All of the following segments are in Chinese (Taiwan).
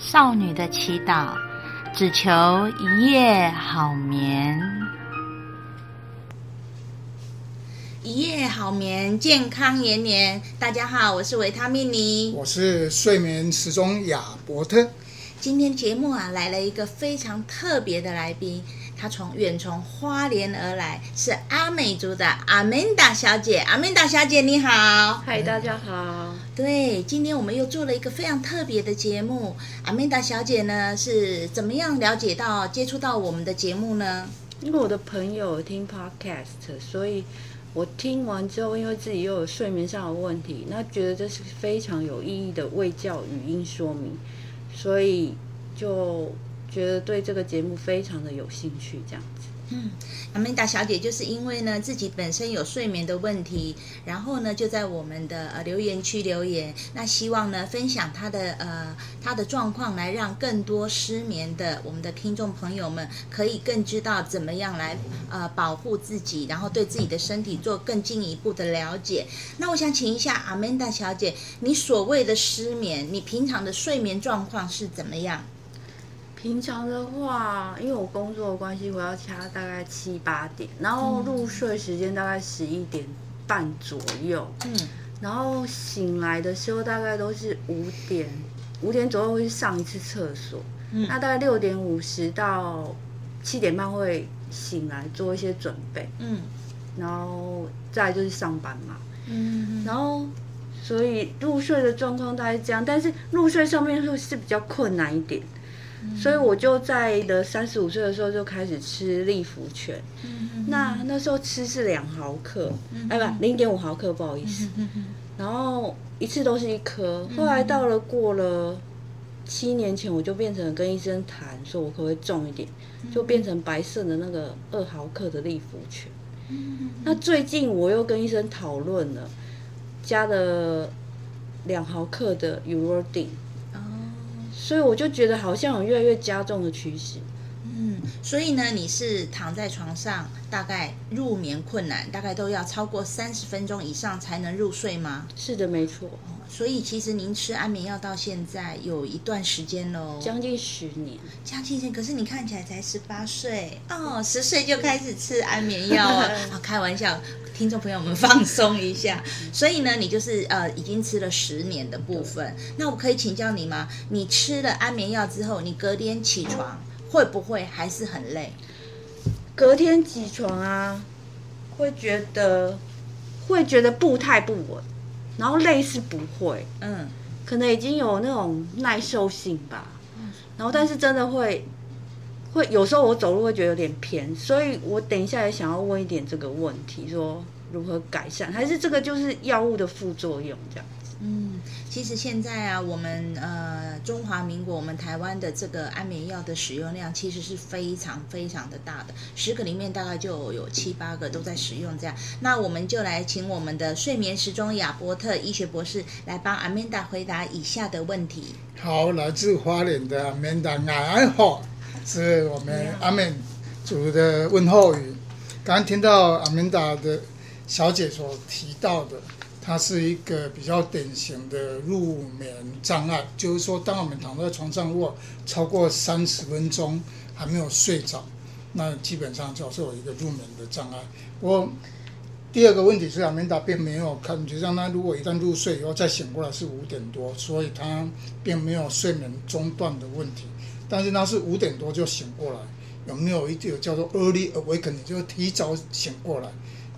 少女的祈禱，只求一夜好眠，一夜好眠，健康延年，年。大家好，我是維他命尼，我是睡眠時鐘亞伯特。今天節目啊，來了一個非常特別的來賓。她從遠從花蓮而來，是阿美族的阿曼達小姐。阿曼達小姐，你好，嗨，大家好。對，今天我們又做了一個非常特別的節目。阿曼達小姐呢，是怎麼樣了解到接觸到我們的節目呢？因為我的朋友聽 Podcast，所以我聽完之後，因為自己又有睡眠上的問題，那覺得這是非常有意義的衛教語音說明，所以就。覺得對這個節目非常的有興趣，這樣子。嗯，阿曼達小姐就是因為呢自己本身有睡眠的問題，然後呢就在我們的呃留言區留言，那希望呢分享她的呃她的狀況，來讓更多失眠的我們的聽眾朋友們可以更知道怎麼樣來呃保護自己，然後對自己的身體做更進一步的了解。那我想請一下阿曼達小姐，你所謂的失眠，你平常的睡眠狀況是怎麼樣？平常的話，因為我工作的關係，我要掐大概七八點，然後入睡時間大概十一點半左右。嗯，然後醒來的時候大概都是五點，五點左右會上一次廁所。嗯，那大概六點五十到七點半會醒來做一些準備。嗯，然後再就是上班嘛。嗯哼然後，所以入睡的狀況大概是這樣，但是入睡上面會是比較困難一點。所以我就在的三十五歲的時候就開始吃利福全，嗯、那、嗯、那時候吃是兩毫克，嗯、哎不，零點五毫克不好意思，嗯、然後一次都是一顆。嗯、後來到了過了七年前，我就變成跟醫生談，說我可不可以重一點，就變成白色的那個二毫克的利福全。嗯、那最近我又跟醫生討論了，加了兩毫克的 Eurodin 所以我就覺得好像有越來越加重的趨勢。嗯，所以呢，你是躺在床上大概入眠困難，大概都要超過三十分鐘以上才能入睡嗎？是的，沒錯。哦，所以其實您吃安眠藥到現在有一段時間嘍，將近十年。將近十年，可是你看起來才十八歲哦，十歲就開始吃安眠藥啊？ 開玩笑。聽眾朋友們，放鬆一下。所以呢，你就是呃，已經吃了十年的部分。那我可以請教你嗎？你吃了安眠藥之後，你隔天起床會不會還是很累？隔天起床啊，會覺得會覺得步態不穩，然後累是不會，嗯，可能已經有那種耐受性吧。嗯，然後但是真的會。會有時候我走路會覺得有點偏，所以我等一下也想要問一點這個問題，說如何改善，還是這個就是藥物的副作用這樣子？嗯，其實現在啊，我們呃中華民國我們台灣的這個安眠藥的使用量其實是非常非常的大的，十個裡面大概就有七八個都在使用這樣。那我們就來請我們的睡眠時鐘亞伯特醫學博士來幫阿敏達回答以下的問題。好，來自花蓮的阿敏達，晚安好。是我們阿明主的問候語。剛剛聽到阿明達的小姐所提到的，它是一個比較典型的入眠障礙，就是說，當我們躺在床上，如果超過三十分鐘還沒有睡着，那基本上就是一個入眠的障礙。我第二個問題是阿明達並沒有看，就像他如果一旦入睡以後再醒過來是五點多，所以他並沒有睡眠中斷的問題。但是他是五點多就醒過來，有沒有一定叫做 early awakening 就提早醒過來？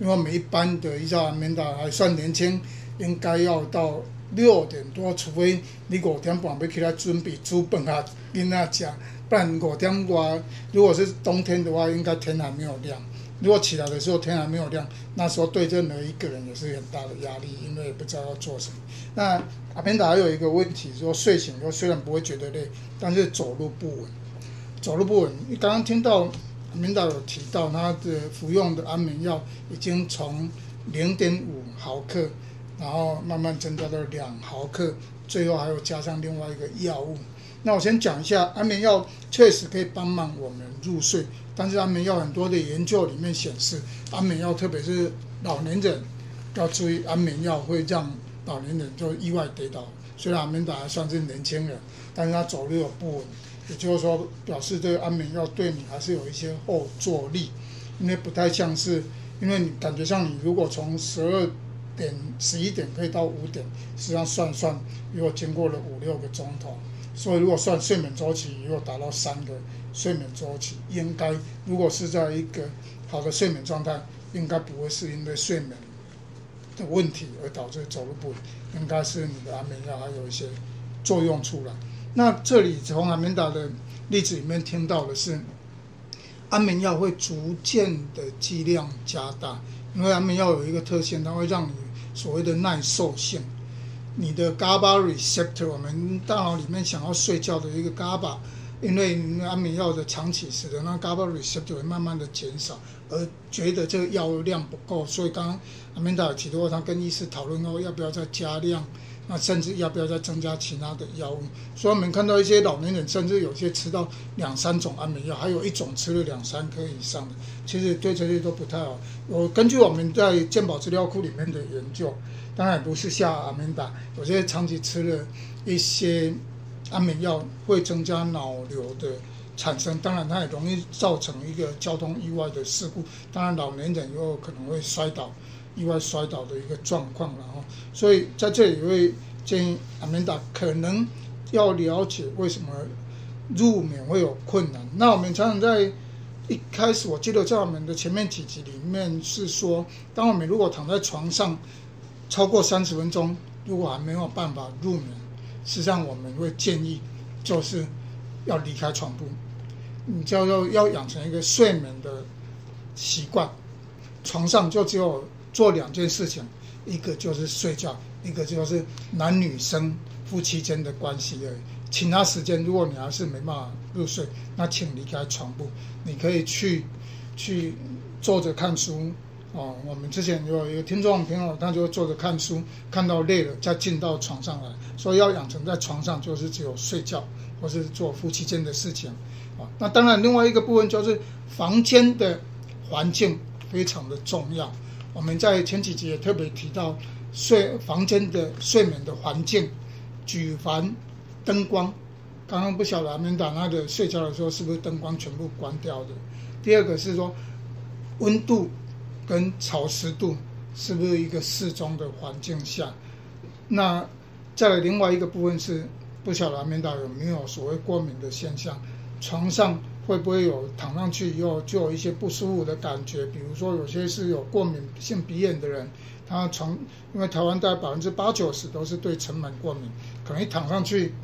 因為每班的一家 a m a 還算年輕，應該要到六點多，除非你五點半要起來準備煮飯啊，囡仔吃，不然五點多。如果是冬天的話，應該天還沒有亮。如果起來的時候天還沒有亮，那時候對任何一個人也是很大的壓力，因為不知道要做什麼。那阿平達還有一個問題，說睡醒後雖然不會覺得累，但是走路不穩。走路不穩，你剛剛聽到阿平達有提到他的服用的安眠藥已經從零點五毫克，然後慢慢增加到兩毫克，最後還有加上另外一個藥物。那我先講一下，安眠藥確實可以幫忙我們入睡。但是安眠藥很多的研究裡面顯示，安眠藥特別是老年人要注意，安眠藥會讓老年人就意外跌倒。雖然安眠藥還算是年輕人，但是他走路有不穩，也就是說表示這個安眠藥對你還是有一些後坐力，因為不太像是，因為你感覺像你如果從十二點十一點可以到五點，實際上算算又經過了五六個鐘頭，所以如果算睡眠周期，如果達到三個。睡眠週期應該，如果是在一個好的睡眠狀態，應該不會是因為睡眠的問題而導致走路不穩，應該是你的安眠藥還有一些作用出來。那這裡從阿米達的例子裡面聽到的是，安眠藥會逐漸的劑量加大，因為安眠藥有一個特性，它會讓你所謂的耐受性，你的 GABA receptor，我們大腦裡面想要睡覺的一個 GABA。因為安眠藥的長期吃的，那 GABA receptor 會慢慢的減少，而覺得這個藥量不夠，所以剛剛阿美達有提到他跟醫師討論後，要不要再加量，那甚至要不要再增加其他的藥物。所以我們看到一些老年人，甚至有些吃到兩三種安眠藥，還有一種吃了兩三顆以上的，其實對這些都不太好。我根據我們在健保資料庫裡面的研究，當然不是像阿美達，有些長期吃了一些。安眠藥會增加腦瘤的產生，當然它也容易造成一個交通意外的事故。當然老年人也有可能會摔倒，意外摔倒的一個狀況然後，所以在這裡會建議阿敏達可能要了解為什麼入眠會有困難。那我們常常在一開始，我記得在我們的前面幾集裡面是說，當我們如果躺在床上超過三十分鐘，如果還沒有辦法入眠。實際上，我們會建議，就是要離開床鋪，你就要要養成一個睡眠的習慣。床上就只有做兩件事情，一個就是睡覺，一個就是男女生夫妻間的關係而已。其他時間，如果你還是沒辦法入睡，那請離開床鋪，你可以去去坐着看書。哦，我們之前有一個聽眾朋友，他就坐着看書，看到累了再進到床上來，所以要養成在床上就是只有睡覺或是做夫妻間的事情。啊、哦，那當然另外一個部分就是房間的環境非常的重要。我們在前幾集也特別提到睡房間的睡眠的環境，舉凡燈光。剛剛不曉得阿明達那個睡覺的時候是不是燈光全部關掉的？第二個是說溫度。跟潮濕度是不是一個適中的環境下？那在另外一個部分是，不曉得阿明導遊有沒有所謂過敏的現象？床上會不會有躺上去以後就有一些不舒服的感覺？比如說有些是有過敏性鼻炎的人，他床因為台灣大概百分之八九十都是對塵蟎過敏，可能一躺上去，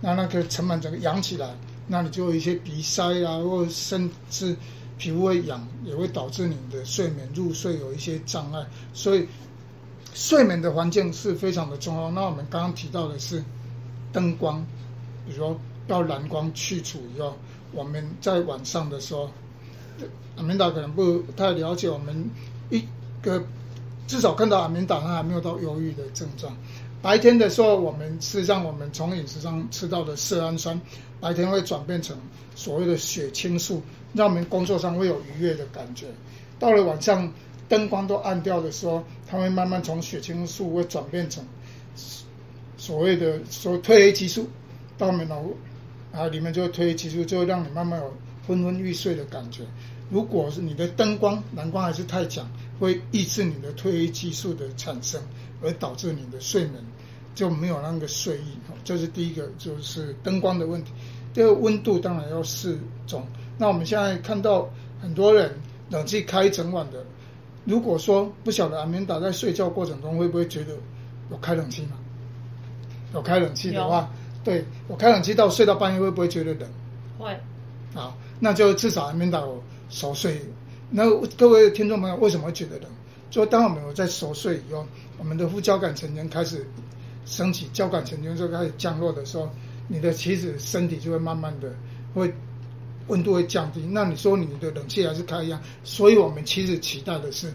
那那個塵蟎整個揚起來，那你就有一些鼻塞啊，或甚至。皮膚會癢，也會導致你的睡眠入睡有一些障礙，所以睡眠的環境是非常的重要。那我們剛剛提到的是燈光，比如說到藍光去除以後，我們在晚上的時候，阿明達可能不太了解。我們一個至少看到阿明達他還沒有到憂鬱的症狀。白天的時候，我們事實上我們從飲食上吃到的色氨酸，白天會轉變成所謂的血清素。讓我們工作上會有愉悅的感覺。到了晚上，燈光都暗掉的時候，它會慢慢從血清素會轉變成所謂的說褪黑激素到我們腦啊裡面就退，就褪黑激素就會讓你慢慢有昏昏欲睡的感覺。如果是你的燈光藍光還是太強，會抑制你的褪黑激素的產生，而導致你的睡眠就沒有那個睡意。這，就是第一個，就是燈光的問題。第二，溫度當然要適中。那我們現在看到很多人冷氣開一整晚的，如果說不曉得 Amanda 在睡覺過程中會不會覺得有開冷氣嗎？有開冷氣的話，有對我開冷氣到睡到半夜會不會覺得冷？會。啊，那就至少 Amanda 我熟睡。那各位聽眾朋友為什麼會覺得冷？就當我們有在熟睡以後，我們的副交感神經開始升起，交感神經就開始降落的時候，你的其實身體就會慢慢的會。溫度會降低，那你說你的冷氣還是開一樣？所以我們其實期待的是，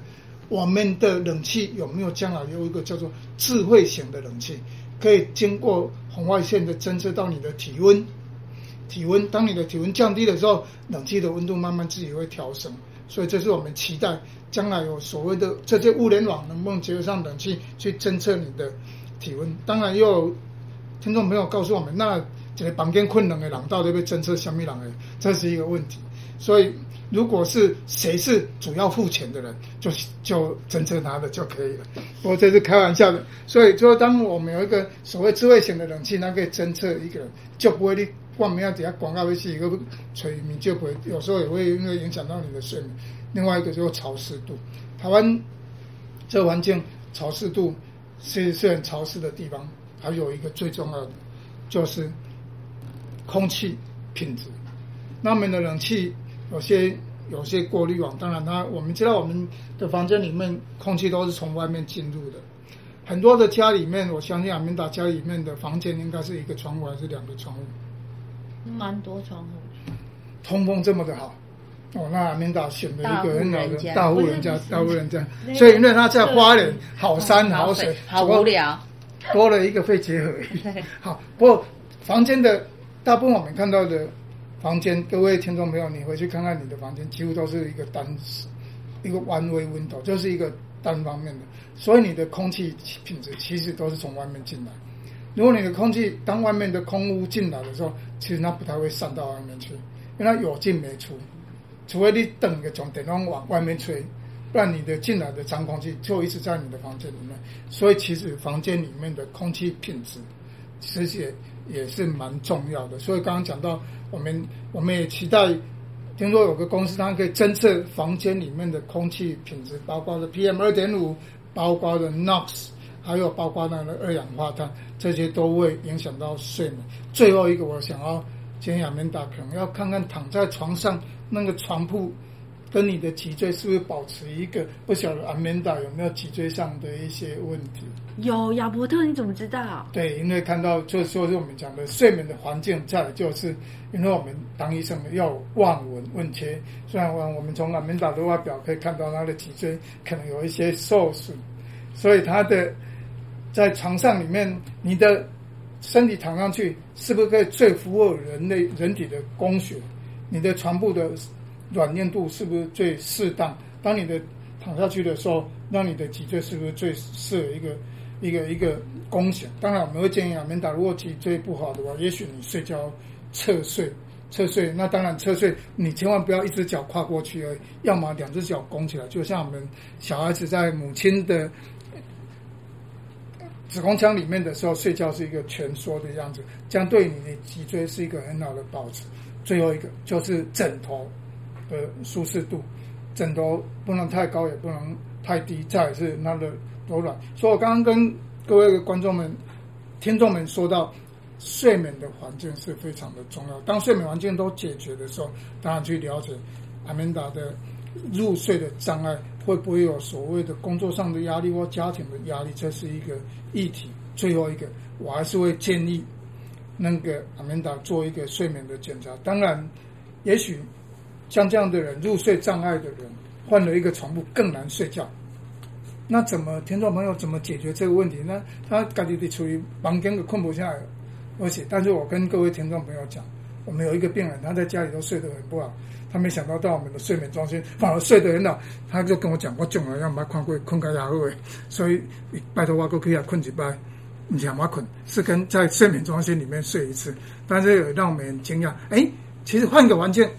我們的冷氣有沒有將來有一個叫做智慧型的冷氣，可以經過紅外線的偵測到你的體溫，體溫當你的體溫降低的時候，冷氣的溫度慢慢自己會調整。所以這是我們期待將來有所謂的這些物聯網能不能結合上冷氣去偵測你的體溫。當然又，又有聽眾朋友告訴我們，那。這個房間困難的冷道都被偵測小米冷的，這是一個問題。所以，如果是誰是主要付錢的人，就就偵測他的就可以了。我這是開玩笑的。所以，就當我們有一個所謂智慧型的冷氣，它可以偵測一個人，就不會你光明要底下廣告會是一個垂眠就不會，有時候也會因為影響到你的睡眠。另外一個就是潮濕度，台灣這環境潮濕度是是很潮濕的地方。還有一個最重要的就是。空氣品質，那面的冷氣有些，有些過濾網。當然它，那我們知道我們的房間裡面空氣都是從外面進入的。很多的家裡面，我相信阿明達家裡面的房間應該是一個窗戶還是兩個窗戶？蠻多窗戶，通風這麼的好哦。那阿明達選了一個很好的大戶人家，大戶人家，所以因為他在花蓮，好山好水，好無聊，多了一個肺結核。好，不過房間的。大部分我們看到的房間，各位聽眾朋友，你回去看看你的房間，幾乎都是一個單，一個 one way window，就是一個單方面的，所以你的空氣品質其實都是從外面進來。如果你的空氣當外面的空污進來的時候，其實它不太會散到外面去，因為它有進沒出，除非你個個等電窗往外面吹，不然你的進來的髒空氣就一直在你的房間裡面。所以其實房間裡面的空氣品質，其實。也是蠻重要的，所以剛剛講到，我們我們也期待，聽說有個公司它可以偵測房間裡面的空氣品質，包括了 PM 二點五，包括了 NOx，還有包括那個二氧化碳，這些都會影響到睡眠。最後一個我想要簡雅明大可能要看看躺在床上那個床鋪。跟你的脊椎，是不是保持一個，不曉得阿梅達有沒有脊椎上的一些問題？有，亞伯特，你怎麼知道、啊？對，因為看到就是，說是我們講的睡眠的環境在，就是因為我們當醫生的要望聞問切。雖然我們從阿梅達的外表可以看到他的脊椎可能有一些受損，所以他的在床上裡面，你的身體躺上去是不是可以最符合人類人體的工學？你的床部的，軟硬度是不是最適當？當你的躺下去的時候，那你的脊椎是不是最適合一個一個一個弓形？當然，我們會建議啊，如果脊椎不好的話，也許你睡覺側睡，側睡。那當然側，側睡你千萬不要一只腳跨過去而已，要麼兩只腳拱起來，就像我們小孩子在母親的子宮腔裡面的時候睡覺是一個蜷縮的樣子，這樣對你的脊椎是一個很好的保持。最後一個就是枕頭。呃，舒適度，枕頭不能太高，也不能太低，再是那個柔軟。所以我剛剛跟各位的觀眾們、聽眾們說到，睡眠的環境是非常的重要。當睡眠環境都解決的時候，當然去了解阿敏達的入睡的障礙會不會有所謂的工作上的壓力或家庭的壓力，這是一個議題。最後一個，我還是會建議那個阿敏達做一個睡眠的檢查。當然，也許。像這樣的人，入睡障礙的人，換了一個床鋪更難睡覺。那怎麼聽眾朋友怎麼解決這個問題呢？他感覺的處於房間都困不下來，而且但是我跟各位聽眾朋友講，我們有一個病人，他在家裡都睡得很不好，他沒想到到我們的睡眠中心反而睡得很好，他就跟我講，我從來要買寬櫃，困覺也好，所以拜托我過去也困幾拜。不是我困，是跟在睡眠中心裡面睡一次。但是也讓我們很驚訝，哎、欸，其實換個環境。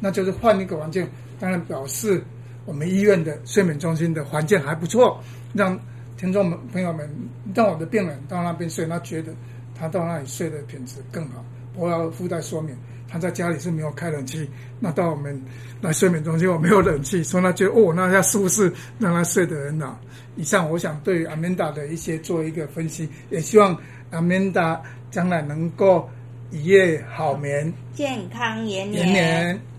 那就是換一個環境，當然表示我們醫院的睡眠中心的環境還不錯，讓聽眾們朋友們，讓我的病人到那邊睡，他覺得他到那裡睡的品質更好。我要附帶說明，他在家裡是沒有開冷氣，那到我們那睡眠中心我沒有冷氣，所以他覺得哦，那他是不是讓他睡得很暖？以上我想對 Amanda 的一些做一個分析，也希望 Amanda 將來能夠一夜好眠，健康延年。延年